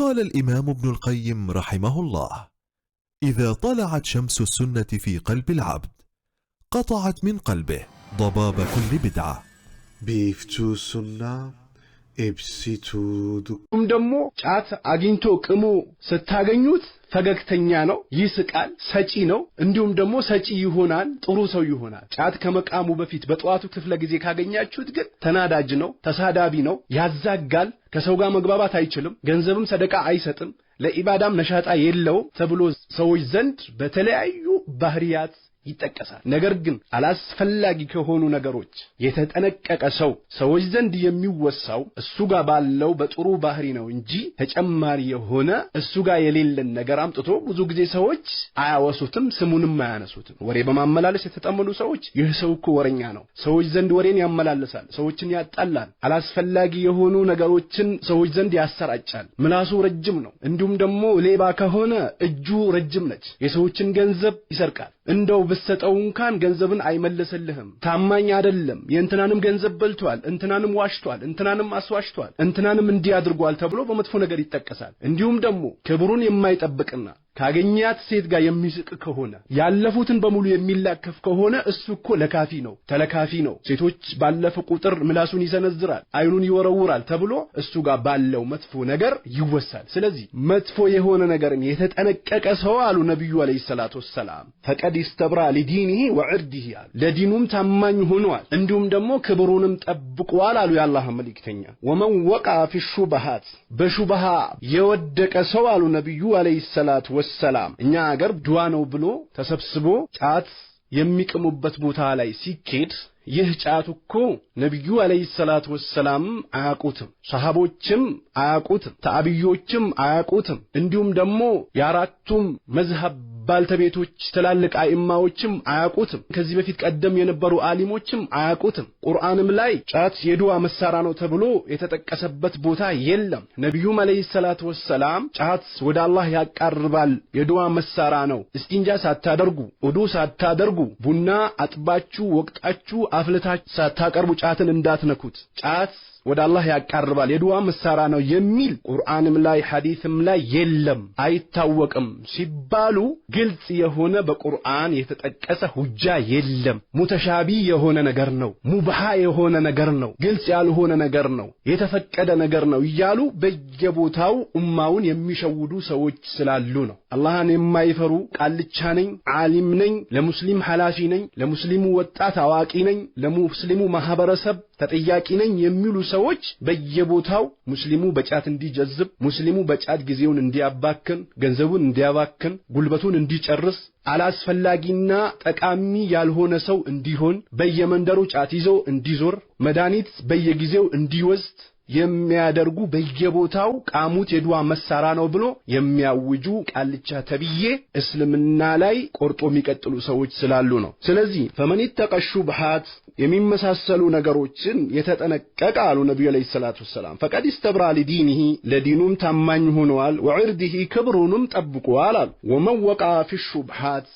قال الامام ابن القيم رحمه الله اذا طلعت شمس السنه في قلب العبد قطعت من قلبه ضباب كل بدعه بيفتو سنه ኤፕሲቱ ም ደግሞ ጫት አግኝቶ ቅሙ ስታገኙት ፈገግተኛ ነው፣ ይስቃል፣ ሰጪ ነው። እንዲሁም ደግሞ ሰጪ ይሆናል፣ ጥሩ ሰው ይሆናል። ጫት ከመቃሙ በፊት በጠዋቱ ክፍለ ጊዜ ካገኛችሁት ግን ተናዳጅ ነው፣ ተሳዳቢ ነው፣ ያዛጋል፣ ከሰው ጋር መግባባት አይችልም፣ ገንዘብም ሰደቃ አይሰጥም፣ ለኢባዳም ነሻጣ የለውም ተብሎ ሰዎች ዘንድ በተለያዩ ባህሪያት ይጠቀሳል። ነገር ግን አላስፈላጊ ከሆኑ ነገሮች የተጠነቀቀ ሰው ሰዎች ዘንድ የሚወሳው እሱ ጋር ባለው በጥሩ ባህሪ ነው እንጂ ተጨማሪ የሆነ እሱ ጋር የሌለን ነገር አምጥቶ ብዙ ጊዜ ሰዎች አያወሱትም፣ ስሙንም አያነሱትም። ወሬ በማመላለስ የተጠመዱ ሰዎች ይህ ሰው እኮ ወረኛ ነው፣ ሰዎች ዘንድ ወሬን ያመላልሳል ሰዎችን ያጣላል፣ አላስፈላጊ የሆኑ ነገሮችን ሰዎች ዘንድ ያሰራጫል፣ ምላሱ ረጅም ነው። እንዲሁም ደግሞ ሌባ ከሆነ እጁ ረጅም ነች፣ የሰዎችን ገንዘብ ይሰርቃል። እንደው ብትሰጠው እንኳን ገንዘብን አይመለሰልህም። ታማኝ አይደለም፣ የእንትናንም ገንዘብ በልቷል፣ እንትናንም ዋሽቷል፣ እንትናንም አስዋሽቷል፣ እንትናንም እንዲህ አድርጓል ተብሎ በመጥፎ ነገር ይጠቀሳል። እንዲሁም ደግሞ ክብሩን የማይጠብቅና ካገኛት ሴት ጋር የሚስቅ ከሆነ ያለፉትን በሙሉ የሚላከፍ ከሆነ እሱ እኮ ለካፊ ነው፣ ተለካፊ ነው። ሴቶች ባለፈ ቁጥር ምላሱን ይሰነዝራል፣ አይኑን ይወረውራል ተብሎ እሱ ጋር ባለው መጥፎ ነገር ይወሳል። ስለዚህ መጥፎ የሆነ ነገርን የተጠነቀቀ ሰው አሉ ነቢዩ ዓለይሂ ሰላቱ ወሰላም ፈቀድ ይስተብራ ሊዲኒሂ ወዕርዲሂ አሉ፣ ለዲኑም ታማኝ ሆኗል፣ እንዲሁም ደግሞ ክብሩንም ጠብቋል አሉ የአላህ መልእክተኛ። ወመን ወቃ ፊ ሹብሃት በሹብሃ የወደቀ ሰው አሉ ነቢዩ ዓለይሂ ሰላቱ ሰላም እኛ አገር ድዋ ነው ብሎ ተሰብስቦ ጫት የሚቅሙበት ቦታ ላይ ሲኬድ ይህ ጫት እኮ ነቢዩ አለይሂ ሰላቱ ወሰላም አያውቁትም፣ ሰሃቦችም አያቁትም ተአብዮችም አያቁትም እንዲሁም ደግሞ የአራቱም መዝሀብ ባልተቤቶች ትላልቅ አይማዎችም አያውቁትም። ከዚህ በፊት ቀደም የነበሩ አሊሞችም አያውቁትም። ቁርአንም ላይ ጫት የዱዋ መሳሪያ ነው ተብሎ የተጠቀሰበት ቦታ የለም። ነቢዩም አለይሂ ሰላቱ ወሰላም ጫት ወደ አላህ ያቃርባል፣ የዱዋ መሳሪያ ነው፣ እስቲንጃ ሳታደርጉ ውዱ ሳታደርጉ ቡና አጥባችሁ ወቅጣችሁ አፍልታችሁ ሳታቀርቡ ጫትን እንዳትነኩት ጫት ወደ አላህ ያቃርባል፣ የዱዓ መሳሪያ ነው የሚል ቁርአንም ላይ ሐዲስም ላይ የለም፣ አይታወቅም ሲባሉ ግልጽ የሆነ በቁርአን የተጠቀሰ ሁጃ የለም። ሙተሻቢ የሆነ ነገር ነው፣ ሙብሃ የሆነ ነገር ነው፣ ግልጽ ያልሆነ ነገር ነው፣ የተፈቀደ ነገር ነው እያሉ በየቦታው ኡማውን የሚሸውዱ ሰዎች ስላሉ ነው። አላህን የማይፈሩ ቃልቻ ነኝ፣ ዓሊም ነኝ፣ ለሙስሊም ኃላፊ ነኝ፣ ለሙስሊሙ ወጣት አዋቂ ነኝ፣ ለሙስሊሙ ማህበረሰብ ተጠያቂ ነኝ የሚሉ ሰዎች በየቦታው ሙስሊሙ በጫት እንዲጀዝብ፣ ሙስሊሙ በጫት ጊዜውን እንዲያባክን፣ ገንዘቡን እንዲያባክን፣ ጉልበቱን እንዲጨርስ፣ አላስፈላጊና ጠቃሚ ያልሆነ ሰው እንዲሆን፣ በየመንደሩ ጫት ይዞ እንዲዞር፣ መድኃኒት በየጊዜው እንዲወስድ የሚያደርጉ በየቦታው ቃሙት የድዋ መሳሪያ ነው ብሎ የሚያውጁ ቃልቻ ተብዬ እስልምና ላይ ቆርጦ የሚቀጥሉ ሰዎች ስላሉ ነው። ስለዚህ ፈመን ተቀ ሹብሃት የሚመሳሰሉ ነገሮችን የተጠነቀቀ አሉ ነቢዩ ዓለይሂ ሰላቱ ወሰላም ፈቀድ ኢስተብራ ሊዲኒሂ ለዲኑም ታማኝ ሆነዋል፣ ወዕርዲሂ ክብሩንም ጠብቋል አሉ ወመን ወቃ ፊ ሹብሃት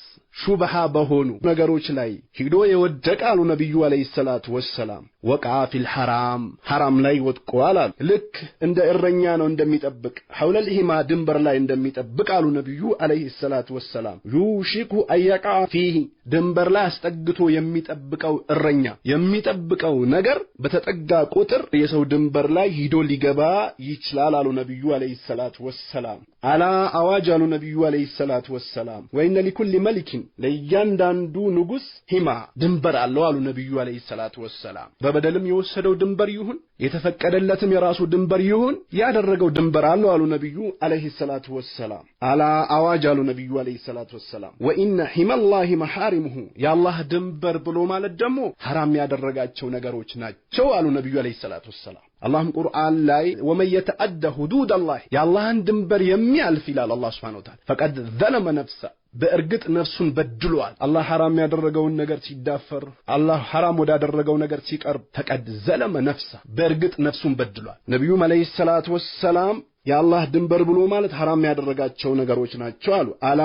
ሹብሃ በሆኑ ነገሮች ላይ ሂዶ የወደቀ አሉ ነቢዩ ዓለይሂ ሰላቱ ወሰላም ወቃ ፊል ሐራም ሐራም ላይ ወጥቋል አሉ። ልክ እንደ እረኛ ነው እንደሚጠብቅ ሐውለል ሂማ ድንበር ላይ እንደሚጠብቅ አሉ ነቢዩ አለይሂ ሰላቱ ወሰላም። ዩሽኩ አያቃ ፊሂ ድንበር ላይ አስጠግቶ የሚጠብቀው እረኛ የሚጠብቀው ነገር በተጠጋ ቁጥር የሰው ድንበር ላይ ሂዶ ሊገባ ይችላል አሉ ነቢዩ አለይሂ ሰላቱ ወሰላም። አላ አዋጅ አሉ ነቢዩ አለይሂ ሰላቱ ወሰላም። ወይነ ሊኩል መሊኪን ለእያንዳንዱ ንጉሥ ሂማ ድንበር አለው አሉ ነቢዩ አለይሂ ሰላቱ ወሰላም። በበደልም የወሰደው ድንበር ይሁን የተፈቀደለትም የራሱ ድንበር ይሁን ያደረገው ድንበር አለው አሉ ነቢዩ አለይሂ ሰላቱ ወሰላም። አላ አዋጅ አሉ ነቢዩ አለይሂ ሰላቱ ወሰላም። ወኢነ ሒመላሂ መሐሪሙሁ የአላህ ድንበር ብሎ ማለት ደግሞ ሐራም ያደረጋቸው ነገሮች ናቸው አሉ ነቢዩ አለይሂ ሰላቱ ወሰላም። አላህም ቁርአን ላይ ወመን የተአደ ሁዱድ አላህ የአላህን ድንበር የሚያልፍ ይላል አላህ ስብሓን ታላ ፈቀድ ዘለመ ነፍሰ በእርግጥ ነፍሱን በድሏል። አላህ ሐራም ያደረገውን ነገር ሲዳፈር፣ አላህ ሐራም ወዳደረገው ነገር ሲቀርብ፣ ፈቀድ ዘለመ ነፍሳ በእርግጥ ነፍሱን በድሏል። ነቢዩም አለይሂ ሰላቱ ወሰላም የአላህ ድንበር ብሎ ማለት ሐራም ያደረጋቸው ነገሮች ናቸው አሉ። አላ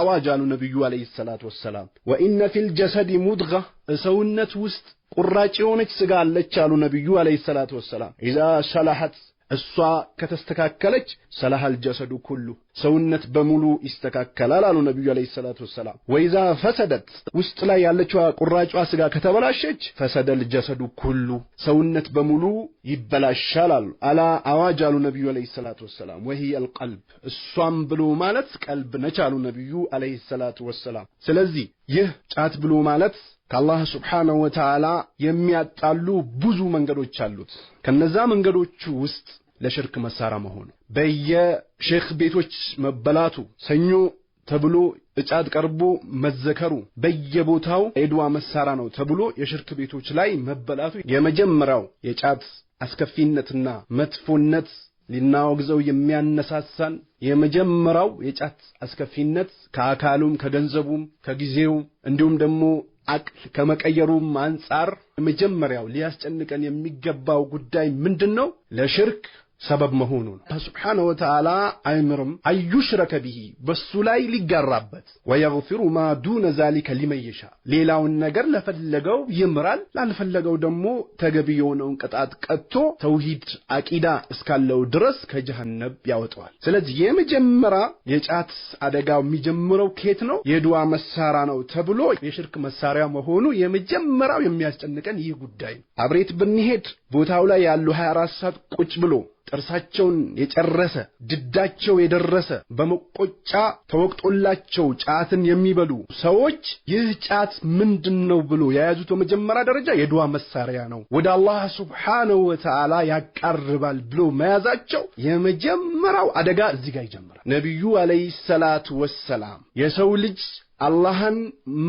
አዋጅ አሉ ነቢዩ አለይሂ ሰላቱ ወሰላም። ወኢነ ፊል ጀሰዲ ሙድጋ ሰውነት ውስጥ ቁራጭ የሆነች ስጋ አለች አሉ ነቢዩ አለይሂ ሰላቱ ወሰላም። ኢዛ ሰላሐት እሷ ከተስተካከለች ሰላሃል ጀሰዱ ኩሉ ሰውነት በሙሉ ይስተካከላል አሉ ነቢዩ አለ ሰላት ወሰላም። ወይዛ ፈሰደት ውስጥ ላይ ያለችዋ ቁራጯ ስጋ ከተበላሸች ፈሰደል ጀሰዱ ኩሉ ሰውነት በሙሉ ይበላሻል አሉ። አላ አዋጅ አሉ ነቢዩ አለ ሰላት ወሰላም። ወህየ አልቀልብ እሷም ብሎ ማለት ቀልብ ነች አሉ ነቢዩ አለ ሰላት ወሰላም። ስለዚህ ይህ ጫት ብሎ ማለት ከአላህ ስብሓነሁ ወተዓላ የሚያጣሉ ብዙ መንገዶች አሉት። ከነዛ መንገዶቹ ውስጥ ለሽርክ መሳሪያ መሆኑ፣ በየሼክ ቤቶች መበላቱ፣ ሰኞ ተብሎ እጫት ቀርቦ መዘከሩ፣ በየቦታው የድዋ መሳሪያ ነው ተብሎ የሽርክ ቤቶች ላይ መበላቱ የመጀመሪያው የጫት አስከፊነትና መጥፎነት ሊናወግዘው የሚያነሳሳን የመጀመሪያው የጫት አስከፊነት ከአካሉም ከገንዘቡም ከጊዜውም እንዲሁም ደግሞ አቅል ከመቀየሩም አንጻር የመጀመሪያው ሊያስጨንቀን የሚገባው ጉዳይ ምንድን ነው? ለሽርክ ሰበብ መሆኑ ነው። ስብሓነ ወተዓላ አይምርም አዩሽረከ ብሂ በሱ ላይ ሊጋራበት ወየግፊሩ ማ ዱነ ዛሊከ ሊመን ሌላውን ነገር ለፈለገው ይምራል፣ ላልፈለገው ደግሞ ተገቢ የሆነውን ቅጣት ቀጥቶ ተውሂድ አቂዳ እስካለው ድረስ ከጀሃነብ ያወጠዋል። ስለዚህ የመጀመሪያ የጫት አደጋው የሚጀምረው ኬት ነው? የዱዓ መሳሪያ ነው ተብሎ የሽርክ መሳሪያ መሆኑ የመጀመሪያው የሚያስጨንቀን ይህ ጉዳይ ነው። አብሬት ብንሄድ ቦታው ላይ ያሉ 24 ሰዓት ቁጭ ብሎ ጥርሳቸውን የጨረሰ ድዳቸው የደረሰ በመቆጫ ተወቅጦላቸው ጫትን የሚበሉ ሰዎች ይህ ጫት ምንድን ነው ብሎ የያዙት በመጀመሪያ ደረጃ የድዋ መሳሪያ ነው። ወደ አላህ ሱብሓነሁ ወተዓላ ያቃርባል ብሎ መያዛቸው የመጀመሪያው አደጋ እዚህ ጋር ይጀምራል። ነቢዩ አለይሂ ሰላቱ ወሰላም የሰው ልጅ አላህን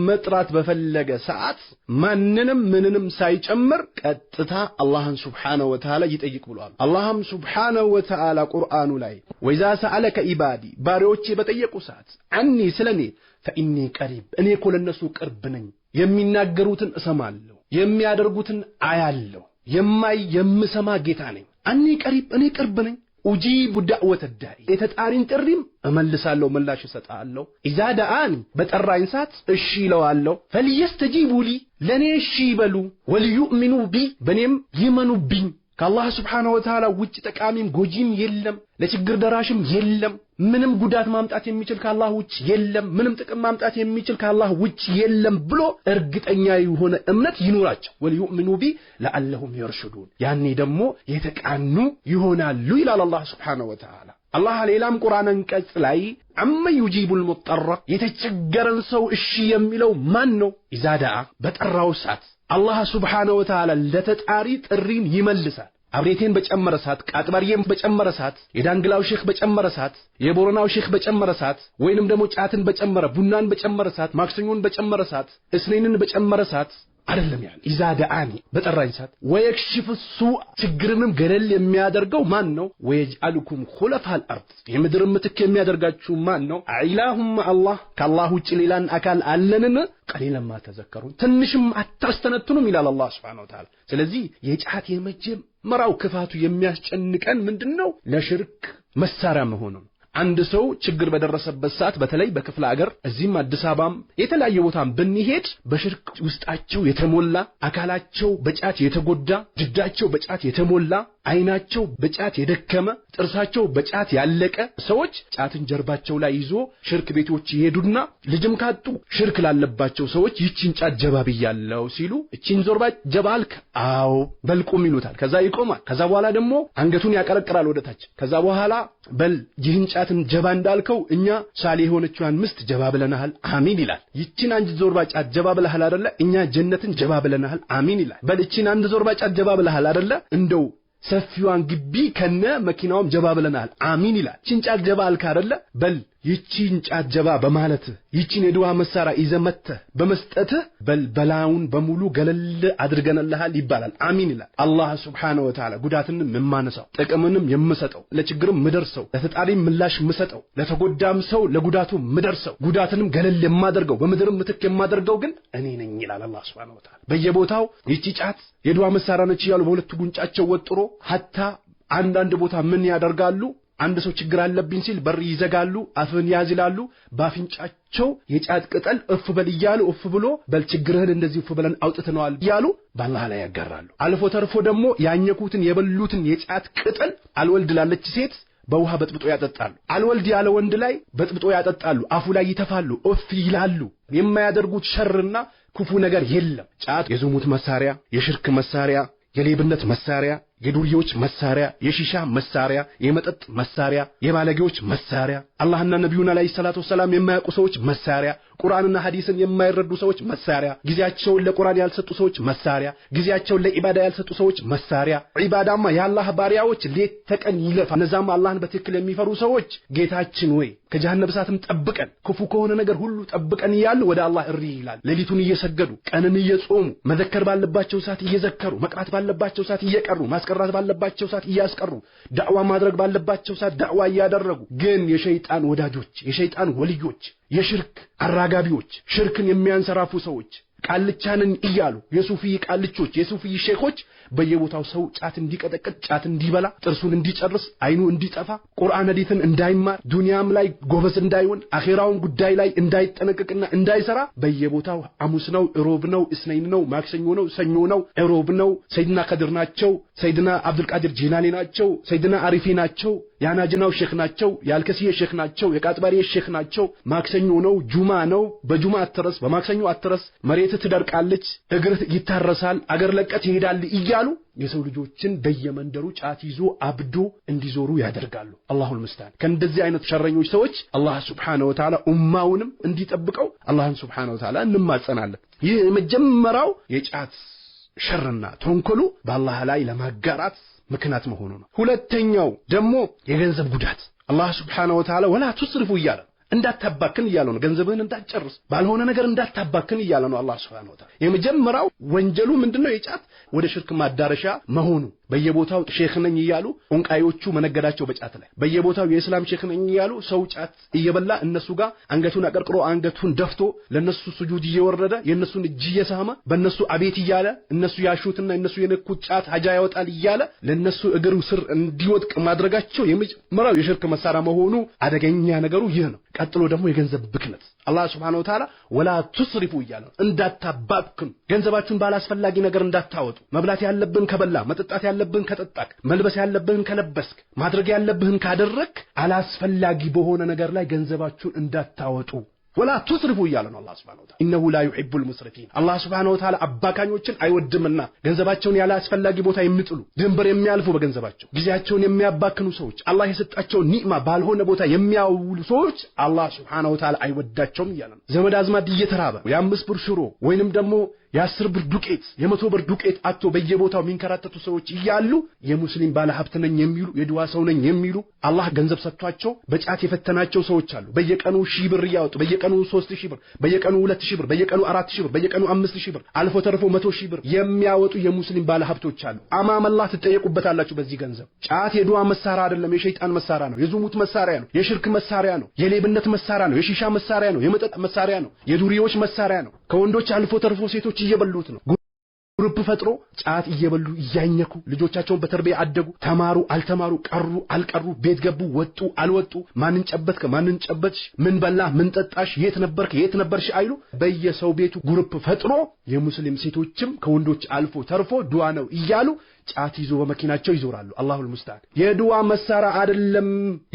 መጥራት በፈለገ ሰዓት ማንንም ምንንም ሳይጨምር ቀጥታ አላህን ስብሓነሁ ወተዓላ ይጠይቅ ብሏል። አላህም ስብሓነሁ ወተዓላ ቁርአኑ ላይ ወይዛ ሰአለከ ኢባዲ ባሪዎቼ በጠየቁ ሰዓት አኒ ስለኔ ፈኢኒ ቀሪብ እኔ እኮ ለእነሱ ቅርብ ነኝ። የሚናገሩትን እሰማለሁ፣ የሚያደርጉትን አያለሁ። የማይ የምሰማ ጌታ ነኝ። አኒ ቀሪብ እኔ ቅርብ ነኝ። ኡጂቡ ዳዕወተ ዳኢ የተጣሪን ጥሪም እመልሳለሁ፣ ምላሽ እሰጣለሁ። ኢዛ ደአኒ በጠራኝ ሰዓት እሺ ይለዋለሁ። ፈልየስተጂቡ ሊ ለእኔ እሺ ይበሉ፣ ወልዩእሚኑ ቢ በእኔም ይመኑብኝ ከአላህ ስብሓነ ወተዓላ ውጭ ጠቃሚም ጎጂም የለም፣ ለችግር ደራሽም የለም። ምንም ጉዳት ማምጣት የሚችል ከአላህ ውጭ የለም፣ ምንም ጥቅም ማምጣት የሚችል ከአላህ ውጭ የለም ብሎ እርግጠኛ የሆነ እምነት ይኖራቸው ወልዩእምኑ ቢ ለአለሁም የርሽዱን። ያኔ ደግሞ የተቃኑ ይሆናሉ ይላል አላህ ስብሓነ ወተዓላ። አላህ ሌላም ቁርአን አንቀጽ ላይ አመ ዩጂቡል ሙጠራ የተቸገረን ሰው እሺ የሚለው ማን ነው? ኢዛ በጠራው ሰዓት አላህ ሱብሓነሁ ወተዓላ ለተጣሪ ጥሪን ይመልሳል። አብሬቴን በጨመረ ሰዓት፣ ቃጥባርዬን በጨመረ ሰዓት፣ የዳንግላው ሼክ በጨመረ ሰዓት፣ የቦረናው ሼክ በጨመረ ሰዓት፣ ወይንም ደግሞ ጫትን በጨመረ ቡናን በጨመረ ሰዓት፣ ማክሰኞን በጨመረ ሰዓት፣ እስኔንን በጨመረ ሰዓት አይደለም ያለ ኢዛዳአኒ በጠራኝ ሰዓት ወየክሽፍ ሱ ችግርንም ገለል የሚያደርገው ማን ነው? ወየጅአልኩም ሁለፋል አርድ የምድር ምትክ የሚያደርጋችሁ ማን ነው? አኢላሁም አላህ ከአላህ ውጭ ሌላን አካል አለንን? ቀሊለማ ተዘከሩን ትንሽም አታስተነትኑም ይላል አላህ ሱብሓነሁ ወተዓላ። ስለዚህ የጫት የመጀመራው ክፋቱ የሚያስጨንቀን ምንድን ነው? ለሽርክ መሳሪያ መሆኑ አንድ ሰው ችግር በደረሰበት ሰዓት በተለይ በክፍለ ሀገር እዚህም አዲስ አበባም የተለያየ ቦታም ብንሄድ በሽርክ ውስጣቸው የተሞላ አካላቸው በጫት የተጎዳ ድዳቸው በጫት የተሞላ አይናቸው በጫት የደከመ ጥርሳቸው በጫት ያለቀ ሰዎች ጫትን ጀርባቸው ላይ ይዞ ሽርክ ቤቶች ይሄዱና ልጅም ካጡ ሽርክ ላለባቸው ሰዎች ይቺን ጫት ጀባ ብያለሁ ሲሉ እቺን ዞርባ ጀባልክ አልክ? አዎ በልቁም ይሉታል። ከዛ ይቆማል። ከዛ በኋላ ደግሞ አንገቱን ያቀረቅራል ወደታች። ከዛ በኋላ በል ይህን ጫትን ጀባ እንዳልከው እኛ ሳሌ የሆነችዋን ምስት ጀባ ብለናሃል፣ አሚን ይላል። ይቺን አንድ ዞርባ ጫት ጀባ ብለሃል አደለ? እኛ ጀነትን ጀባ ብለናሃል፣ አሚን ይላል። በል ይቺን አንድ ዞርባ ጫት ጀባ ብለሃል አደለ? እንደው ሰፊዋን ግቢ ከነ መኪናውም ጀባ ብለናል። አሚን ይላል። ጭንጫቅ ጀባ አልክ አይደለ? በል ይቺን ጫጀባ ጀባ ይቺን የድዋ መሳሪያ ይዘመተ በመስጠት በላውን በሙሉ ገለል አድርገንልሃል ይባላል። አሚን ይላል አላህ ስብሓነሁ ወተዓላ። ጉዳትንም የማነሳው ጥቅምንም የምሰጠው ለችግርም ምደርሰው ለተጣሪም ምላሽ ምሰጠው ለተጎዳም ሰው ለጉዳቱ ምደርሰው ጉዳትንም ገለል የማደርገው በምድርም ምትክ የማደርገው ግን እኔ ነኝ ይላል አላህ ስብሓነሁ ወተዓላ። በየቦታው ይቺ ጫት የድዋ መሳሪያ ነች እያሉ በሁለቱ ጉንጫቸው ወጥሮ ሀታ አንዳንድ ቦታ ምን ያደርጋሉ አንድ ሰው ችግር አለብኝ ሲል በር ይዘጋሉ፣ አፍን ያዝ ይላሉ። በአፍንጫቸው የጫት ቅጠል እፍ በል እያሉ እፍ ብሎ በል ችግርህን እንደዚህ እፍ ብለን አውጥተነዋል እያሉ በአላህ ላይ ያጋራሉ። አልፎ ተርፎ ደግሞ ያኘኩትን የበሉትን የጫት ቅጠል አልወልድ ላለች ሴት በውሃ በጥብጦ ያጠጣሉ። አልወልድ ያለ ወንድ ላይ በጥብጦ ያጠጣሉ። አፉ ላይ ይተፋሉ፣ እፍ ይላሉ። የማያደርጉት ሸርና ክፉ ነገር የለም። ጫት የዝሙት መሳሪያ፣ የሽርክ መሳሪያ፣ የሌብነት መሳሪያ የዱርዬዎች መሳሪያ፣ የሺሻ መሳሪያ፣ የመጠጥ መሳሪያ፣ የባለጌዎች መሳሪያ፣ አላህና ነቢዩን አለይሂ ሰላቱ ወሰላም የማያውቁ ሰዎች መሳሪያ፣ ቁርአንና ሐዲስን የማይረዱ ሰዎች መሳሪያ፣ ጊዜያቸውን ለቁርአን ያልሰጡ ሰዎች መሳሪያ፣ ጊዜያቸውን ለኢባዳ ያልሰጡ ሰዎች መሳሪያ። ኢባዳማ የአላህ ባሪያዎች ሌት ተቀን ይለፋ። እነዛም አላህን በትክክል የሚፈሩ ሰዎች ጌታችን ወይ ከጀሃነም እሳትም ጠብቀን ክፉ ከሆነ ነገር ሁሉ ጠብቀን እያሉ ወደ አላህ እሪ ይላል። ሌሊቱን እየሰገዱ ቀንን እየጾሙ መዘከር ባለባቸው ሰዓት እየዘከሩ መቅራት ባለባቸው ሰዓት እየቀሩ ማስቀ ማስቀራት ባለባቸው ሰዓት እያስቀሩ ዳዕዋ ማድረግ ባለባቸው ሰዓት ዳዕዋ እያደረጉ ግን የሸይጣን ወዳጆች፣ የሸይጣን ወልዮች፣ የሽርክ አራጋቢዎች፣ ሽርክን የሚያንሰራፉ ሰዎች ቃልቻንን እያሉ የሱፊ ቃልቾች፣ የሱፊ ሼኮች በየቦታው ሰው ጫት እንዲቀጠቅጥ፣ ጫት እንዲበላ፣ ጥርሱን እንዲጨርስ፣ አይኑ እንዲጠፋ፣ ቁርአን ሐዲትን እንዳይማር፣ ዱንያም ላይ ጎበዝ እንዳይሆን፣ አኼራውን ጉዳይ ላይ እንዳይጠነቅቅና እንዳይሰራ በየቦታው አሙስ ነው፣ ሮብ ነው፣ እስነይን ነው፣ ማክሰኞ ነው፣ ሰኞ ነው፣ ሮብ ነው፣ ሰይድና ከድር ናቸው፣ ሰይድና አብዱልቃድር ጂላኒ ናቸው፣ ሰይድና አሪፊ ናቸው የአናጅናው ሼክ ናቸው፣ የአልከስዬ ሼክ ናቸው፣ የቃጥባሪየ ሼክ ናቸው። ማክሰኞ ነው፣ ጁማ ነው። በጁማ አትረስ፣ በማክሰኞ አትረስ፣ መሬት ትደርቃለች፣ እግር ይታረሳል፣ አገር ለቀት ይሄዳል እያሉ የሰው ልጆችን በየመንደሩ ጫት ይዞ አብዶ እንዲዞሩ ያደርጋሉ። አላሁል ምስታን። ከእንደዚህ አይነት ሸረኞች ሰዎች አላህ ሱብሓነሁ ወተዓላ ኡማውንም እንዲጠብቀው አላህን ሱብሓነሁ ወተዓላ እንማጸናለን። ይህ የመጀመሪያው የጫት ሸርና ተንኮሉ በአላህ ላይ ለማጋራት ምክንያት መሆኑ ነው። ሁለተኛው ደግሞ የገንዘብ ጉዳት አላህ ስብሓነሁ ወተዓላ ወላ ትስርፉ እያለ እንዳታባክን እያለ ነው። ገንዘብህን እንዳትጨርስ ባልሆነ ነገር እንዳታባክን እያለ ነው አላህ ስብሓነሁ ወተዓላ። የመጀመሪያው ወንጀሉ ምንድነው? የጫት ወደ ሽርክ ማዳረሻ መሆኑ በየቦታው ሼክ ነኝ እያሉ ዑንቃዮቹ መነገዳቸው በጫት ላይ በየቦታው የእስላም ሼክ ነኝ እያሉ ሰው ጫት እየበላ እነሱ ጋር አንገቱን አቀርቅሮ አንገቱን ደፍቶ ለነሱ ስጁድ እየወረደ የነሱን እጅ እየሳመ በነሱ አቤት እያለ እነሱ ያሹትና እነሱ የነኩት ጫት ሀጃ ያወጣል እያለ ለነሱ እግር ስር እንዲወድቅ ማድረጋቸው የመጀመሪያው የሽርክ መሳሪያ መሆኑ አደገኛ ነገሩ ይህ ነው። ቀጥሎ ደግሞ የገንዘብ ብክነት አላህ ስብሐነሁ ወተዓላ ወላ ቱስሪፉ እያለ እንዳታባክኑ፣ ገንዘባችሁን ባላስፈላጊ ነገር እንዳታወጡ። መብላት ያለብን ከበላ መጠጣት ያለ ያለብህን ከጠጣክ፣ መልበስ ያለብህን ከለበስክ፣ ማድረግ ያለብህን ካደረክ አላስፈላጊ በሆነ ነገር ላይ ገንዘባችሁን እንዳታወጡ ወላ ቱስርፉ እያለ ነው አላህ ስብሐነሁ ወተዓላ። ኢነሁ ላ ዩሒቡል ሙስሪፊን። አላህ ስብሐነሁ ወተዓላ አባካኞችን አይወድምና ገንዘባቸውን ያለ አስፈላጊ ቦታ የሚጥሉ ድንበር የሚያልፉ በገንዘባቸው ጊዜያቸውን የሚያባክኑ ሰዎች፣ አላህ የሰጣቸውን ኒዕማ ባልሆነ ቦታ የሚያውሉ ሰዎች አላህ ስብሐነሁ ወተዓላ አይወዳቸውም እያለ ነው። ዘመድ አዝማድ እየተራበ የአምስት ብር ሽሮ ወይንም ደግሞ የአስር ብር ዱቄት የመቶ ብር ዱቄት አቶ በየቦታው የሚንከራተቱ ሰዎች እያሉ የሙስሊም ባለሀብት ነኝ የሚሉ የድዋ ሰው ነኝ የሚሉ አላህ ገንዘብ ሰጥቷቸው በጫት የፈተናቸው ሰዎች አሉ። በየቀኑ ሺህ ብር እያወጡ በየቀኑ ሶስት ሺህ ብር፣ በየቀኑ ሁለት ሺህ ብር፣ በየቀኑ አራት ሺህ ብር፣ በየቀኑ አምስት ሺህ ብር አልፎ ተርፎ መቶ ሺህ ብር የሚያወጡ የሙስሊም ባለሀብቶች አሉ። አማመላ ትጠየቁበታላችሁ። በዚህ ገንዘብ ጫት የድዋ መሳሪያ አይደለም፣ የሸይጣን መሳሪያ ነው። የዝሙት መሳሪያ ነው። የሽርክ መሳሪያ ነው። የሌብነት መሳሪያ ነው። የሺሻ መሳሪያ ነው። የመጠጥ መሳሪያ ነው። የዱሪዎች መሳሪያ ነው። ከወንዶች አልፎ ተርፎ ሴቶች እየበሉት ነው። ግሩፕ ፈጥሮ ጫት እየበሉ እያኘኩ ልጆቻቸውን በተርቤ አደጉ። ተማሩ አልተማሩ፣ ቀሩ አልቀሩ፣ ቤት ገቡ፣ ወጡ አልወጡ፣ ማንን ጨበትከ፣ ማንን ጨበትሽ፣ ምን በላ፣ ምን ጠጣሽ፣ የት ነበርክ የት ነበርሽ አይሉ። በየሰው ቤቱ ግሩፕ ፈጥሮ የሙስሊም ሴቶችም ከወንዶች አልፎ ተርፎ ዱዓ ነው እያሉ ጫት ይዞ በመኪናቸው ይዞራሉ። አላሁል ሙስተዓን የድዋ መሳሪያ አይደለም፣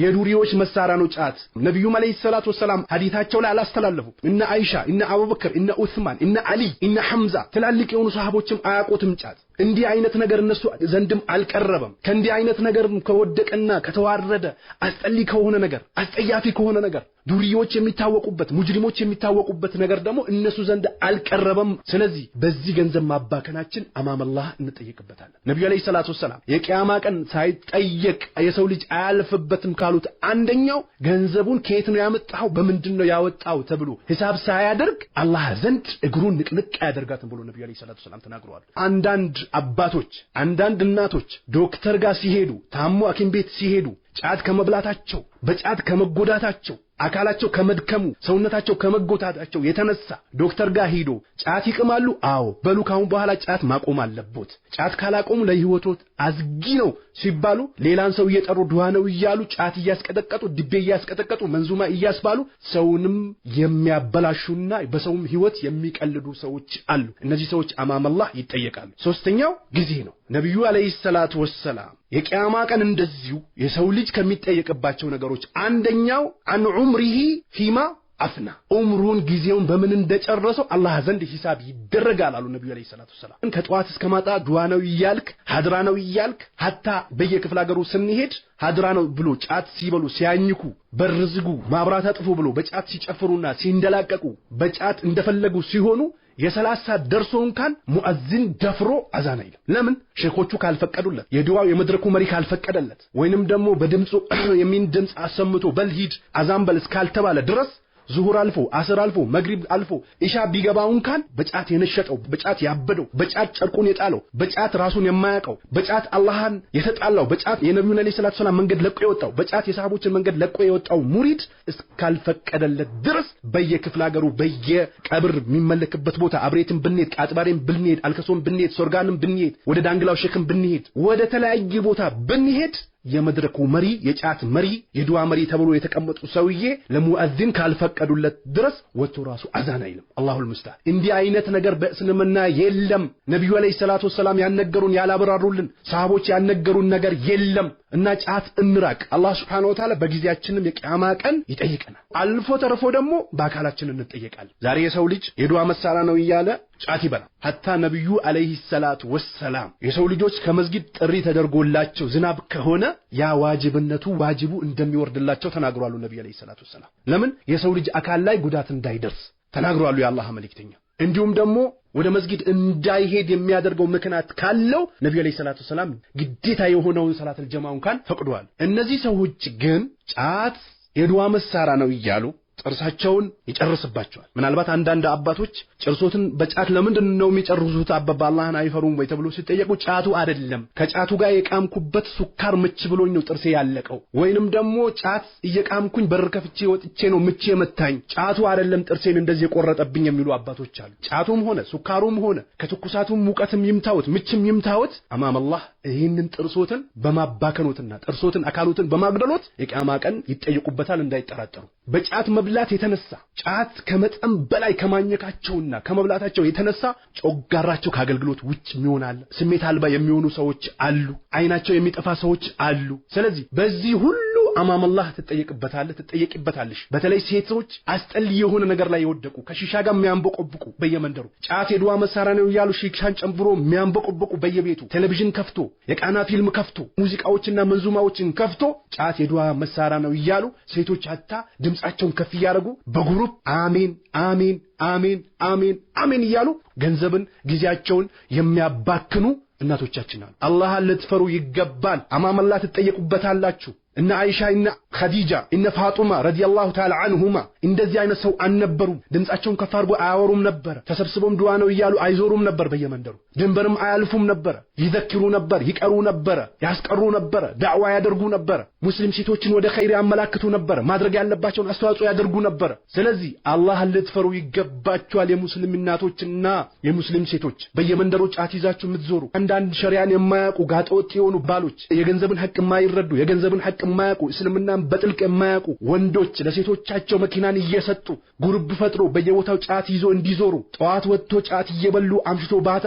የዱሪዎች መሳሪያ ነው ጫት። ነቢዩም ዓለይሂ ሰላቱ ወሰላም ሀዲታቸው ላይ አላስተላለፉ። እነ አይሻ፣ እነ አቡበክር፣ እነ ዑስማን፣ እነ አሊ፣ እነ ሐምዛ ትላልቅ የሆኑ ሰሃቦችም አያውቁትም ጫት እንዲህ አይነት ነገር እነሱ ዘንድም አልቀረበም። ከእንዲህ አይነት ነገር ከወደቀና ከተዋረደ አስጠሊ ከሆነ ነገር፣ አስጠያፊ ከሆነ ነገር፣ ዱርዮች የሚታወቁበት ሙጅሪሞች የሚታወቁበት ነገር ደግሞ እነሱ ዘንድ አልቀረበም። ስለዚህ በዚህ ገንዘብ ማባከናችን አማመላህ እንጠየቅበታለን። ነቢዩ ዓለይሂ ሰላቱ ወሰላም የቅያማ ቀን ሳይጠየቅ የሰው ልጅ አያልፍበትም ካሉት አንደኛው ገንዘቡን ከየት ነው ያመጣው፣ በምንድን ነው ያወጣው ተብሎ ሂሳብ ሳያደርግ አላህ ዘንድ እግሩን ንቅንቅ አያደርጋትም ብሎ ነቢዩ ዓለይሂ ሰላቱ ወሰላም ተናግረዋል። አንዳንድ አባቶች፣ አንዳንድ እናቶች ዶክተር ጋር ሲሄዱ ታሞ ሐኪም ቤት ሲሄዱ ጫት ከመብላታቸው በጫት ከመጎዳታቸው አካላቸው ከመድከሙ ሰውነታቸው ከመጎታታቸው የተነሳ ዶክተር ጋር ሂዶ ጫት ይቅማሉ? አዎ በሉ፣ ካሁን በኋላ ጫት ማቆም አለቦት። ጫት ካላቆሙ ለህይወቶት አዝጊ ነው ሲባሉ ሌላን ሰው እየጠሩ ድዋ ነው እያሉ ጫት እያስቀጠቀጡ ድቤ እያስቀጠቀጡ መንዙማ እያስባሉ ሰውንም የሚያበላሹና በሰውም ህይወት የሚቀልዱ ሰዎች አሉ። እነዚህ ሰዎች አማመላህ ይጠየቃሉ። ሶስተኛው ጊዜ ነው። ነቢዩ አለይሂ ሰላቱ ወሰላም የቅያማ ቀን እንደዚሁ የሰው ልጅ ከሚጠየቅባቸው ነገሮች አንደኛው አን ዑምሪሂ ፊማ አፍና ዑምሩን ጊዜውን በምን እንደጨረሰው አላህ ዘንድ ሂሳብ ይደረጋል አሉ ነቢዩ አለይሂ ሰላቱ ወሰላም። ከጠዋት እስከ ማጣ ዱዋ ነው እያልክ ሀድራ ነው እያልክ ሀታ በየክፍለ ሀገሩ ስንሄድ ሀድራ ነው ብሎ ጫት ሲበሉ ሲያኝኩ በርዝጉ ማብራት አጥፉ ብሎ በጫት ሲጨፍሩና ሲንደላቀቁ በጫት እንደፈለጉ ሲሆኑ የሰላሳ ደርሶ እንኳን ሙአዚን ደፍሮ አዛን አይልም። ለምን? ሼኮቹ ካልፈቀዱለት፣ የድዋው የመድረኩ መሪ ካልፈቀደለት፣ ወይንም ደግሞ በድምፁ የሚን ድምፅ አሰምቶ በልሂድ አዛን በል እስካልተባለ ድረስ ዙሁር አልፎ አስር አልፎ መግሪብ አልፎ ኢሻ ቢገባው ካል በጫት የነሸጠው በጫት ያበደው በጫት ጨርቁን የጣለው በጫት ራሱን የማያውቀው በጫት አላህን የተጣላው በጫት የነቢዩን ዐለይሂ ሰላቱ ሰላም መንገድ ለቆ የወጣው በጫት የሰሃቦችን መንገድ ለቆ የወጣው ሙሪድ እስካልፈቀደለት ድረስ በየክፍለ ሀገሩ በየቀብር የሚመለክበት ቦታ አብሬትን ብንሄድ ቃጥባሬን ብንሄድ አልከሶን ብንሄድ ሶርጋንም ብንሄድ ወደ ዳንግላው ሸክም ብንሄድ ወደ ተለያየ ቦታ ብንሄድ የመድረኩ መሪ የጫት መሪ የድዋ መሪ ተብሎ የተቀመጡ ሰውዬ ለሙአዚን ካልፈቀዱለት ድረስ ወጥቶ ራሱ አዛን አይልም። አላሁ ልሙስታ እንዲህ አይነት ነገር በእስልምና የለም። ነቢዩ አለይሂ ሰላቱ ወሰላም ያነገሩን ያላብራሩልን፣ ሰሃቦች ያነገሩን ነገር የለም። እና ጫት እንራቅ። አላህ ሱብሓነሁ ወተዓላ በጊዜያችንም የቂያማ ቀን ይጠይቀናል። አልፎ ተርፎ ደግሞ በአካላችን እንጠየቃለን። ዛሬ የሰው ልጅ የዱዓ መሳሪያ ነው እያለ ጫት ይበላል። ሐታ ነቢዩ አለይሂ ሰላቱ ወሰላም የሰው ልጆች ከመስጊድ ጥሪ ተደርጎላቸው ዝናብ ከሆነ ያ ዋጅብነቱ ዋጅቡ እንደሚወርድላቸው ተናግሯሉ። ነቢዩ አለይሂ ሰላት ወሰላም ለምን የሰው ልጅ አካል ላይ ጉዳት እንዳይደርስ ተናግሯሉ። የአላህ መልእክተኛ እንዲሁም ደግሞ ወደ መስጊድ እንዳይሄድ የሚያደርገው ምክንያት ካለው ነቢዩ ዓለይሂ ሰላቱ ሰላም ግዴታ የሆነውን ሰላተል ጀማውን እንኳን ፈቅዷል። እነዚህ ሰዎች ግን ጫት የድዋ መሳሪያ ነው እያሉ ጥርሳቸውን ይጨርስባቸዋል። ምናልባት አንዳንድ አባቶች ጭርሶትን በጫት ለምንድን ነው የሚጨርሱት? አበባ አላህን አይፈሩም ወይ ተብሎ ሲጠየቁ ጫቱ አይደለም ከጫቱ ጋር የቃምኩበት ሱካር ምች ብሎኝ ነው ጥርሴ ያለቀው፣ ወይንም ደግሞ ጫት እየቃምኩኝ በር ከፍቼ ወጥቼ ነው ምቼ መታኝ፣ ጫቱ አይደለም ጥርሴን እንደዚህ የቆረጠብኝ የሚሉ አባቶች አሉ። ጫቱም ሆነ ሱካሩም ሆነ ከትኩሳቱም ሙቀትም ይምታወት ምችም ይምታወት አማም አላህ ይህንን ጥርሶትን በማባከኖትና ጥርሶትን አካሎትን በማግደሎት የቅያማ ቀን ይጠየቁበታል እንዳይጠራጠሩ። በጫት መብላት የተነሳ ጫት ከመጠን በላይ ከማኘካቸውና ከመብላታቸው የተነሳ ጮጋራቸው ከአገልግሎት ውጭ ይሆናል። ስሜት አልባ የሚሆኑ ሰዎች አሉ። አይናቸው የሚጠፋ ሰዎች አሉ። ስለዚህ በዚህ ሁሉ አማም አላህ ትጠየቅበታለህ ትጠየቅበታለሽ። በተለይ ሴቶች አስጠል የሆነ ነገር ላይ የወደቁ ከሺሻ ጋር የሚያንበቆብቁ በየመንደሩ ጫት የድዋ መሳሪያ ነው እያሉ ሺሻን ጨምብሮ የሚያንበቆብቁ በየቤቱ ቴሌቪዥን ከፍቶ የቃና ፊልም ከፍቶ ሙዚቃዎችና መንዙማዎችን ከፍቶ ጫት የድዋ መሳሪያ ነው እያሉ ሴቶች አታ ድምፃቸውን ከፍ እያደረጉ በጉሩፕ አሜን አሜን አሜን አሜን አሜን እያሉ ገንዘብን ጊዜያቸውን የሚያባክኑ እናቶቻችን አሉ። አላህን ልትፈሩ ይገባል። አማመላ ትጠየቁበታላችሁ። እነ አይሻ እነ ኸዲጃ እነ ፋጡማ ረዲየላሁ ተዓላ አንሁማ እንደዚህ አይነት ሰው አልነበሩም። ድምፃቸውን ከፍ አድርጎ አያወሩም ነበር ተሰብስበውም ድዋ ነው እያሉ አይዞሩም ነበር። በየመንደሩ ድንበርም አያልፉም ነበር ይዘክሩ ነበር፣ ይቀሩ ነበረ፣ ያስቀሩ ነበረ፣ ዳዕዋ ያደርጉ ነበረ። ሙስሊም ሴቶችን ወደ ኸይር ያመላክቱ ነበር ማድረግ ያለባቸውን አስተዋጽኦ ያደርጉ ነበር ስለዚህ አላህ ልትፈሩ ይገባችኋል። የሙስሊም እናቶችና የሙስሊም ሴቶች በየመንደሩ ጫት ይዛችሁ የምትዞሩ አንዳንድ ሸሪያን የማያውቁ ጋጠወጥ የሆኑ ባሎች የገንዘብን ሐቅ የማይረዱ የገንዘብን ሐቅ የማያውቁ እስልምናን በጥልቅ የማያውቁ ወንዶች ለሴቶቻቸው መኪናን እየሰጡ ጉርብ ፈጥሮ በየቦታው ጫት ይዞ እንዲዞሩ ጠዋት ወጥቶ ጫት እየበሉ አምሽቶ ባታ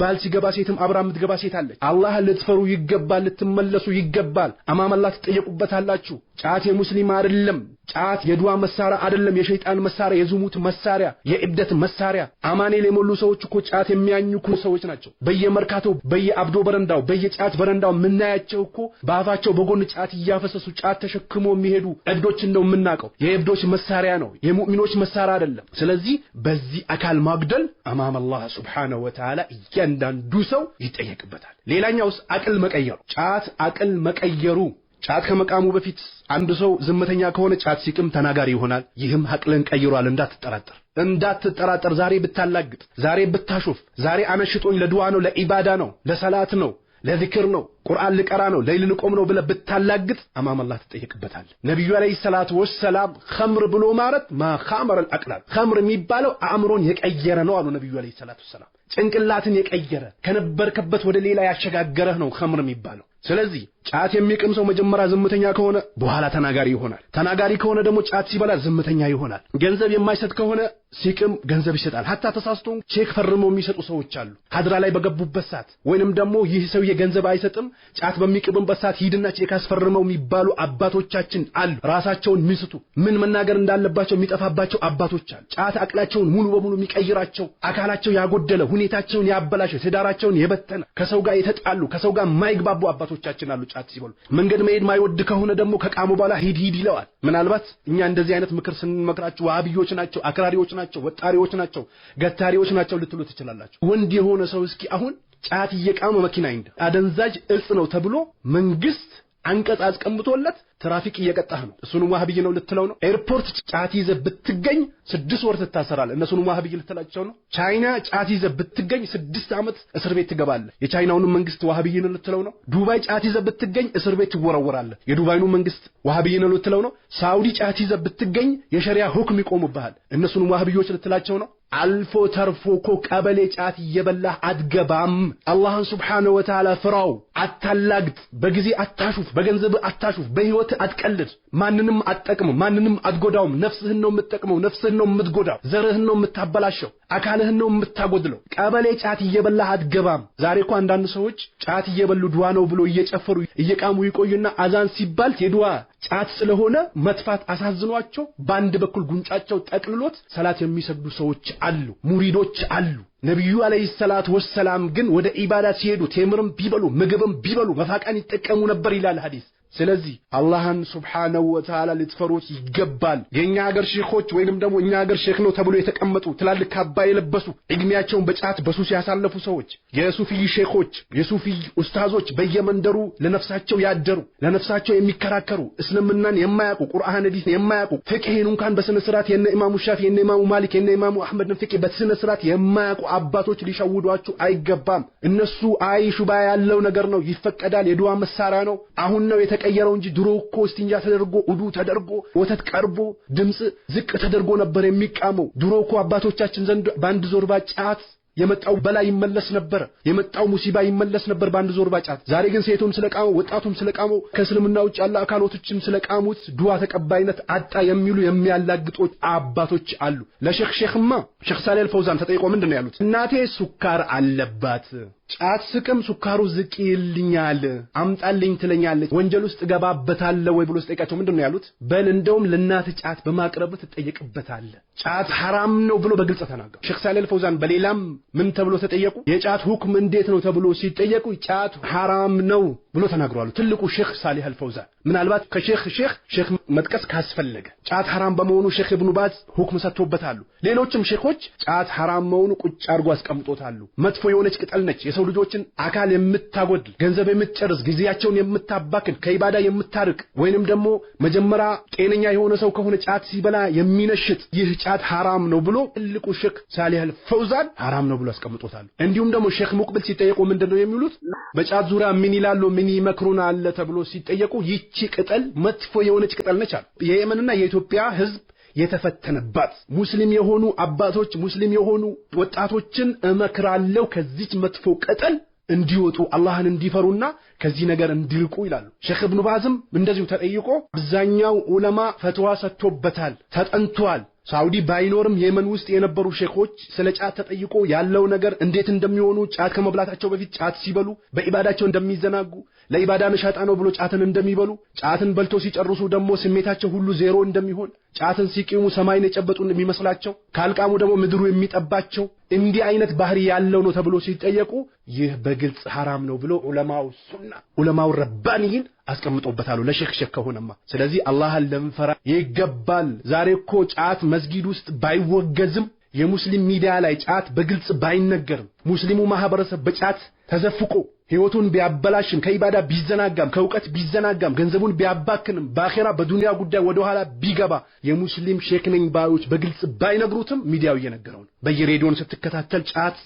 ባል ሲገባ ሴትም አብራ የምትገባ ሴት አለች። አላህ ልትፈሩ ይገባል፣ ልትመለሱ ይገባል። አማመላ ትጠየቁበታላችሁ። ጫት የሙስሊም አይደለም። ጫት የዱዋ መሳሪያ አይደለም። የሸይጣን መሳሪያ፣ የዝሙት መሳሪያ፣ የእብደት መሳሪያ። አማኔል የሞሉ ሰዎች እኮ ጫት የሚያኝኩ ሰዎች ናቸው። በየመርካቶ በየአብዶ በረንዳው በየጫት በረንዳው የምናያቸው እኮ በአፋቸው በጎን ጫት እያፈሰሱ ጫት ተሸክሞ የሚሄዱ እብዶችን ነው የምናውቀው። የእብዶች መሳሪያ ነው የሙእሚኖች የሰዎች መሳሪያ አይደለም። ስለዚህ በዚህ አካል ማጉደል አማም አላህ ሱብሓነሁ ወተዓላ እያንዳንዱ ሰው ይጠየቅበታል። ሌላኛውስ አቅል መቀየሩ ጫት አቅል መቀየሩ ጫት ከመቃሙ በፊት አንድ ሰው ዝምተኛ ከሆነ ጫት ሲቅም ተናጋሪ ይሆናል። ይህም አቅልን ቀይሯል። እንዳትጠራጠር እንዳትጠራጠር። ዛሬ ብታላግጥ፣ ዛሬ ብታሾፍ፣ ዛሬ አመሽጦኝ ለድዋ ነው ለኢባዳ ነው ለሰላት ነው ለዚክር ነው ቁርአን ልቀራ ነው ለይል ልቆም ነው ብለ ብታላግጥ አማም አላህ ትጠየቅበታለህ። ነቢዩ ዓለይሂ ሰላቱ ወሰላም ኸምር ብሎ ማለት ማኻመረ አልአቅላል ኸምር የሚባለው አእምሮን የቀየረ ነው አሉ ነቢዩ ዓለይሂ ሰላቱ ወሰላም። ጭንቅላትን የቀየረ ከነበርከበት ወደ ሌላ ያሸጋገረህ ነው ኸምር የሚባለው። ስለዚህ ጫት የሚቅም ሰው መጀመሪያ ዝምተኛ ከሆነ በኋላ ተናጋሪ ይሆናል። ተናጋሪ ከሆነ ደግሞ ጫት ሲበላ ዝምተኛ ይሆናል። ገንዘብ የማይሰጥ ከሆነ ሲቅም ገንዘብ ይሰጣል። ሀታ ተሳስቶን ቼክ ፈርመው የሚሰጡ ሰዎች አሉ። ሀድራ ላይ በገቡበት ሰዓት ወይንም ደግሞ ይህ ሰውዬ ገንዘብ አይሰጥም ጫት በሚቅምበት ሰዓት ሂድና ቼክ አስፈርመው የሚባሉ አባቶቻችን አሉ። ራሳቸውን ሚስቱ ምን መናገር እንዳለባቸው የሚጠፋባቸው አባቶች አሉ። ጫት አቅላቸውን ሙሉ በሙሉ የሚቀይራቸው፣ አካላቸው ያጎደለ፣ ሁኔታቸውን ያበላሸ፣ ትዳራቸውን የበተነ፣ ከሰው ጋር የተጣሉ፣ ከሰው ጋር የማይግባቡ አባቶቻችን አሉ። ጫት ሲበሉ መንገድ መሄድ ማይወድ ከሆነ ደግሞ ከቃሙ በኋላ ሂድ ሂድ ይለዋል። ምናልባት እኛ እንደዚህ አይነት ምክር ስንመክራችሁ ዋህብዮች ናቸው፣ አክራሪዎች ናቸው፣ ወጣሪዎች ናቸው፣ ገታሪዎች ናቸው ልትሉ ትችላላችሁ። ወንድ የሆነ ሰው እስኪ አሁን ጫት እየቃመ መኪና ይንዳ አደንዛዥ እጽ ነው ተብሎ መንግስት አንቀጽ አስቀምጦለት ትራፊክ እየቀጣህ ነው። እሱንም ዋህብይ ነው ልትለው ነው? ኤርፖርት ጫት ይዘ ብትገኝ ስድስት ወር ትታሰራለህ። እነሱን ዋህብይ ልትላቸው ነው? ቻይና ጫት ይዘ ብትገኝ ስድስት ዓመት እስር ቤት ትገባለህ። የቻይናውንም መንግስት ዋህብይ ነው ልትለው ነው? ዱባይ ጫት ይዘ ብትገኝ እስር ቤት ትወረወራለህ። የዱባይኑ መንግስት ዋህብይ ነው ልትለው ነው? ሳውዲ ጫት ይዘ ብትገኝ የሸሪያ ሁክም ይቆሙብሃል። እነሱን ዋህብዮች ልትላቸው ነው? አልፎ ተርፎ እኮ ቀበሌ ጫት እየበላህ አትገባም። አላህን ስብሓነሁ ወተዓላ ፍራው፣ አታላግጥ፣ በጊዜ አታሹፍ፣ በገንዘብ አታሹፍ፣ በህይወት አትቀልድ። ማንንም አትጠቅምም፣ ማንንም አትጎዳውም። ነፍስህን ነው የምትጠቅመው፣ ነፍስህን ነው የምትጎዳው፣ ዘርህን ነው የምታበላሸው፣ አካልህን ነው የምታጎድለው። ቀበሌ ጫት እየበላህ አትገባም። ዛሬ እኮ አንዳንድ ሰዎች ጫት እየበሉ ድዋ ነው ብሎ እየጨፈሩ እየቃሙ ይቆዩና አዛን ሲባል የድዋ ጫት ስለሆነ መጥፋት አሳዝኗቸው በአንድ በኩል ጉንጫቸው ጠቅልሎት ሰላት የሚሰግዱ ሰዎች አሉ፣ ሙሪዶች አሉ። ነቢዩ አለይሂ ሰላት ወሰላም ግን ወደ ኢባዳ ሲሄዱ ቴምርም ቢበሉ ምግብም ቢበሉ መፋቃን ይጠቀሙ ነበር ይላል ሐዲስ። ስለዚህ አላህን ስብሓነሁ ወተዓላ ልትፈሩት ይገባል። የእኛ ሀገር ሼኾች ወይንም ደግሞ እኛ ሀገር ሼክ ነው ተብሎ የተቀመጡ ትላልቅ ካባ የለበሱ ዕድሜያቸውን በጫት በሱስ ያሳለፉ ሰዎች፣ የሱፊይ ሼኾች፣ የሱፊይ ኡስታዞች በየመንደሩ ለነፍሳቸው ያደሩ ለነፍሳቸው የሚከራከሩ እስልምናን የማያውቁ ቁርአን ሐዲስን የማያውቁ ፍቅህን እንኳን በስነ ስርዓት የነ ኢማሙ ሻፊ የነ ኢማሙ ማሊክ የነ ኢማሙ አሕመድን ፍቅህ በስነ ስርዓት የማያውቁ አባቶች ሊሸውዷችሁ አይገባም። እነሱ አይ ሹባ ያለው ነገር ነው ይፈቀዳል፣ የድዋ መሳሪያ ነው። አሁን ነው የተ የተቀየረው እንጂ ድሮ እኮ እስቲንጃ ተደርጎ ውዱ ተደርጎ ወተት ቀርቦ ድምፅ ዝቅ ተደርጎ ነበር የሚቃመው። ድሮ እኮ አባቶቻችን ዘንድ በአንድ ዞርባ ጫት የመጣው በላ ይመለስ ነበር። የመጣው ሙሲባ ይመለስ ነበር በአንድ ዞርባ ጫት። ዛሬ ግን ሴቱም ስለቃመው፣ ወጣቱም ስለቃመው፣ ከእስልምና ውጭ ያለ አካሎቶችም ስለቃሙት ዱዋ ተቀባይነት አጣ የሚሉ የሚያላግጦች አባቶች አሉ። ለሼክ ሼክማ ሼክ ሳሌል ፈውዛን ተጠይቆ ምንድን ነው ያሉት? እናቴ ሱካር አለባት ጫት ስቅም ሱካሩ ዝቅ ይልኛል አምጣልኝ ትለኛለች ወንጀል ውስጥ ገባበታለሁ ወይ ብሎ ስጠይቃቸው ምንድን ነው ያሉት? በል እንደውም ልናት ጫት በማቅረብ ትጠየቅበታለ። ጫት ሐራም ነው ብሎ በግልጽ ተናገሩ። ሼክ ሳሌል ፈውዛን በሌላም ምን ተብሎ ተጠየቁ? የጫት ሁክም እንዴት ነው ተብሎ ሲጠየቁ ጫት ሐራም ነው ብሎ ተናግሯሉ። ትልቁ ሼክ ሳሌህ አልፈውዛን ምናልባት ከሼክ ሼክ ሼክ መጥቀስ ካስፈለገ ጫት ሐራም በመሆኑ ሼክ ኢብኑ ባዝ ሁክም ሰጥቶበታሉ። ሌሎችም ሼኮች ጫት ሐራም መሆኑ ቁጭ አድርጎ አስቀምጦታሉ። መጥፎ የሆነች ቅጠል ነች የሰው ልጆችን አካል የምታጎድል፣ ገንዘብ የምትጨርስ፣ ጊዜያቸውን የምታባክን ከኢባዳ የምታርቅ ወይንም ደግሞ መጀመሪያ ጤነኛ የሆነ ሰው ከሆነ ጫት ሲበላ የሚነሽጥ ይህ ጫት ሐራም ነው ብሎ ትልቁ ሼክ ሳሊህ ፈውዛን ሐራም ነው ብሎ አስቀምጦታል። እንዲሁም ደግሞ ሼክ ሙቅብል ሲጠየቁ ምንድን ነው የሚሉት? በጫት ዙሪያ ምን ይላሉ? ምን ይመክሩን አለ ተብሎ ሲጠየቁ ይቺ ቅጠል መጥፎ የሆነች ቅጠል ነች አሉ። የየመንና የኢትዮጵያ ህዝብ የተፈተነባት ሙስሊም የሆኑ አባቶች ሙስሊም የሆኑ ወጣቶችን እመክራለሁ ከዚች መጥፎ ቀጠል እንዲወጡ አላህን እንዲፈሩና ከዚህ ነገር እንዲርቁ ይላሉ። ሼክ እብኑ ባዝም እንደዚሁ ተጠይቆ አብዛኛው ዑለማ ፈትዋ ሰጥቶበታል፣ ተጠንቷል። ሳውዲ ባይኖርም የመን ውስጥ የነበሩ ሼኮች ስለ ጫት ተጠይቆ ያለው ነገር እንዴት እንደሚሆኑ ጫት ከመብላታቸው በፊት ጫት ሲበሉ በኢባዳቸው እንደሚዘናጉ ለኢባዳ መሻጣ ነው ብሎ ጫትን እንደሚበሉ ጫትን በልቶ ሲጨርሱ ደግሞ ስሜታቸው ሁሉ ዜሮ እንደሚሆን ጫትን ሲቂሙ ሰማይን የጨበጡ የሚመስላቸው ካልቃሙ ደግሞ ምድሩ የሚጠባቸው እንዲህ አይነት ባህሪ ያለው ነው ተብሎ ሲጠየቁ ይህ በግልጽ ሐራም ነው ብሎ ዑለማው ሱና ዑለማው ረባንይን አስቀምጦበታሉ ለሸክሸክ ከሆነማ ስለዚህ አላህን ለምፈራ ይገባል ዛሬ እኮ ጫት መስጊድ ውስጥ ባይወገዝም የሙስሊም ሚዲያ ላይ ጫት በግልጽ ባይነገርም ሙስሊሙ ማህበረሰብ በጫት ተዘፍቆ ህይወቱን ቢያበላሽም ከኢባዳ ቢዘናጋም ከእውቀት ቢዘናጋም ገንዘቡን ቢያባክንም በአኼራ በዱንያ ጉዳይ ወደኋላ ቢገባ የሙስሊም ሼክ ነኝ ባዮች በግልጽ ባይነግሩትም ሚዲያው እየነገረው ነው። በየሬዲዮን ስትከታተል ጫት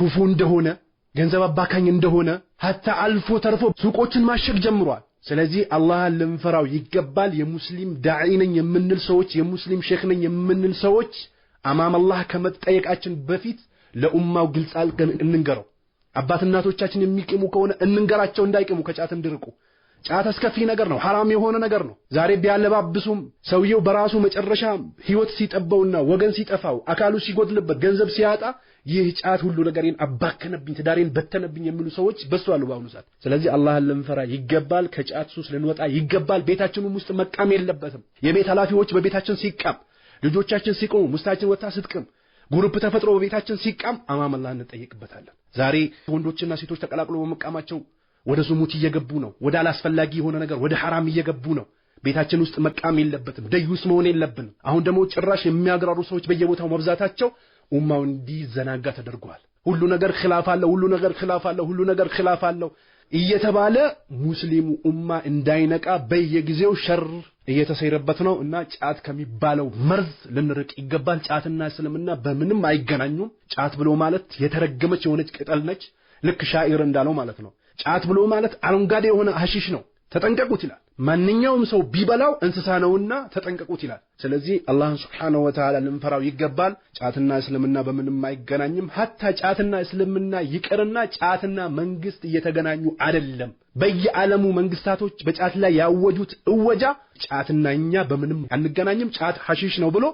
ክፉ እንደሆነ ገንዘብ አባካኝ እንደሆነ ሀታ አልፎ ተርፎ ሱቆችን ማሸግ ጀምሯል። ስለዚህ አላህን ልንፈራው ይገባል። የሙስሊም ዳዒ ነኝ የምንል ሰዎች፣ የሙስሊም ሼክ ነኝ የምንል ሰዎች አማም አላህ ከመጠየቃችን በፊት ለኡማው ግልጽ አልገን እንንገረው። አባት እናቶቻችን የሚቅሙ ከሆነ እንንገራቸው እንዳይቅሙ ከጫት እንዲርቁ። ጫት አስከፊ ነገር ነው። ሐራም የሆነ ነገር ነው። ዛሬ ቢያለባብሱም ሰውየው በራሱ መጨረሻ ህይወት ሲጠበውና ወገን ሲጠፋው አካሉ ሲጎድልበት ገንዘብ ሲያጣ ይህ ጫት ሁሉ ነገሬን አባከነብኝ፣ ትዳሬን በተነብኝ የሚሉ ሰዎች አሉ በአሁኑ ሰዓት። ስለዚህ አላህን ልንፈራ ይገባል። ከጫት ሱስ ልንወጣ ይገባል። ቤታችንም ውስጥ መቃም የለበትም። የቤት ኃላፊዎች በቤታችን ሲቃም፣ ልጆቻችን ሲቆሙ፣ ሚስታችን ወጥታ ስትቅም ጉሩፕ ተፈጥሮ በቤታችን ሲቃም አማመላ እንጠየቅበታለን። ዛሬ ወንዶችና ሴቶች ተቀላቅሎ በመቃማቸው ወደ ዝሙት እየገቡ ነው። ወደ አላስፈላጊ የሆነ ነገር ወደ ሐራም እየገቡ ነው። ቤታችን ውስጥ መቃም የለበትም፣ ደዩስ መሆን የለብንም። አሁን ደግሞ ጭራሽ የሚያግራሩ ሰዎች በየቦታው መብዛታቸው ኡማው እንዲዘናጋ ተደርጓል። ሁሉ ነገር ኺላፍ አለው፣ ሁሉ ነገር ኺላፍ አለው፣ ሁሉ ነገር ኺላፍ አለው። እየተባለ ሙስሊሙ ኡማ እንዳይነቃ በየጊዜው ሸር እየተሰይረበት ነው እና ጫት ከሚባለው መርዝ ልንርቅ ይገባል። ጫትና እስልምና በምንም አይገናኙም። ጫት ብሎ ማለት የተረገመች የሆነች ቅጠል ነች። ልክ ሻኢር እንዳለው ማለት ነው። ጫት ብሎ ማለት አረንጓዴ የሆነ ሐሺሽ ነው፣ ተጠንቀቁት ይላል። ማንኛውም ሰው ቢበላው እንስሳ ነውና ተጠንቀቁት ይላል። ስለዚህ አላህን ስብሓነሁ ወተዓላ ልንፈራው ይገባል። ጫትና እስልምና በምንም አይገናኝም። ሀታ ጫትና እስልምና ይቅርና ጫትና መንግስት እየተገናኙ አይደለም። በየዓለሙ መንግስታቶች በጫት ላይ ያወጁት እወጃ ጫትና እኛ በምንም አንገናኝም፣ ጫት ሐሺሽ ነው ብሎ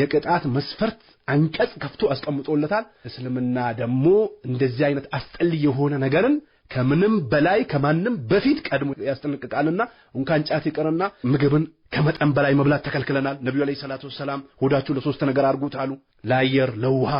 የቅጣት መስፈርት አንቀጽ ከፍቶ አስቀምጦለታል። እስልምና ደግሞ እንደዚህ አይነት አስጠል የሆነ ነገርን ከምንም በላይ ከማንም በፊት ቀድሞ ያስጠነቅቃልና እንኳን ጫት ይቅርና ምግብን ከመጠን በላይ መብላት ተከልክለናል። ነቢዩ ዓለይሂ ሰላቱ ወሰላም ሆዳችሁ ለሶስት ነገር አድርጉት አሉ። ለአየር፣ ለውሃ፣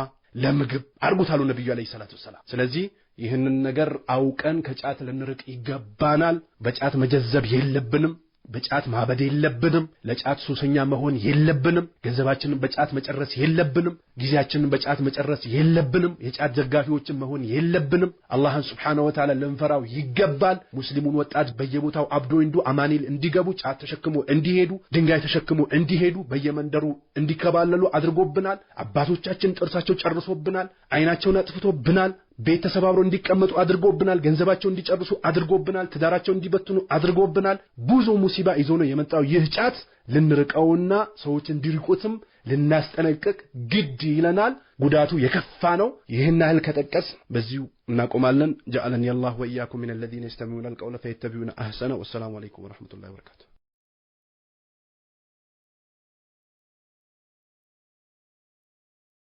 ለምግብ አድርጉት አሉ ነቢዩ ዓለይሂ ሰላቱ ወሰላም። ስለዚህ ይህንን ነገር አውቀን ከጫት ልንርቅ ይገባናል። በጫት መጀዘብ የለብንም። በጫት ማበድ የለብንም። ለጫት ሱሰኛ መሆን የለብንም። ገንዘባችንን በጫት መጨረስ የለብንም። ጊዜያችንን በጫት መጨረስ የለብንም። የጫት ዘጋፊዎችን መሆን የለብንም። አላህን ስብሓነ ወተዓላ ልንፈራው ይገባል። ሙስሊሙን ወጣት በየቦታው አብዶ እንዱ አማኒል እንዲገቡ ጫት ተሸክሞ እንዲሄዱ፣ ድንጋይ ተሸክሞ እንዲሄዱ፣ በየመንደሩ እንዲከባለሉ አድርጎብናል። አባቶቻችን ጥርሳቸው ጨርሶብናል። አይናቸውን አጥፍቶብናል። ቤት ተሰባብሮ እንዲቀመጡ አድርጎብናል። ገንዘባቸው እንዲጨርሱ አድርጎብናል። ትዳራቸው እንዲበትኑ አድርጎብናል። ብዙ ሙሲባ ይዞ ነው የመጣው ይህ ጫት። ልንርቀውና ሰዎች እንዲርቁትም ልናስጠነቅቅ ግድ ይለናል። ጉዳቱ የከፋ ነው። ይህን ያህል ከጠቀስ በዚሁ እናቆማለን። ጀዐለኒ አላህ ወኢያኩም ሚነ ለዚነ የስተሚዑነ አልቀውለ ፈየተቢዑነ አሕሰነ። ወሰላሙ አለይኩም ወረሕመቱላሂ ወበረካቱ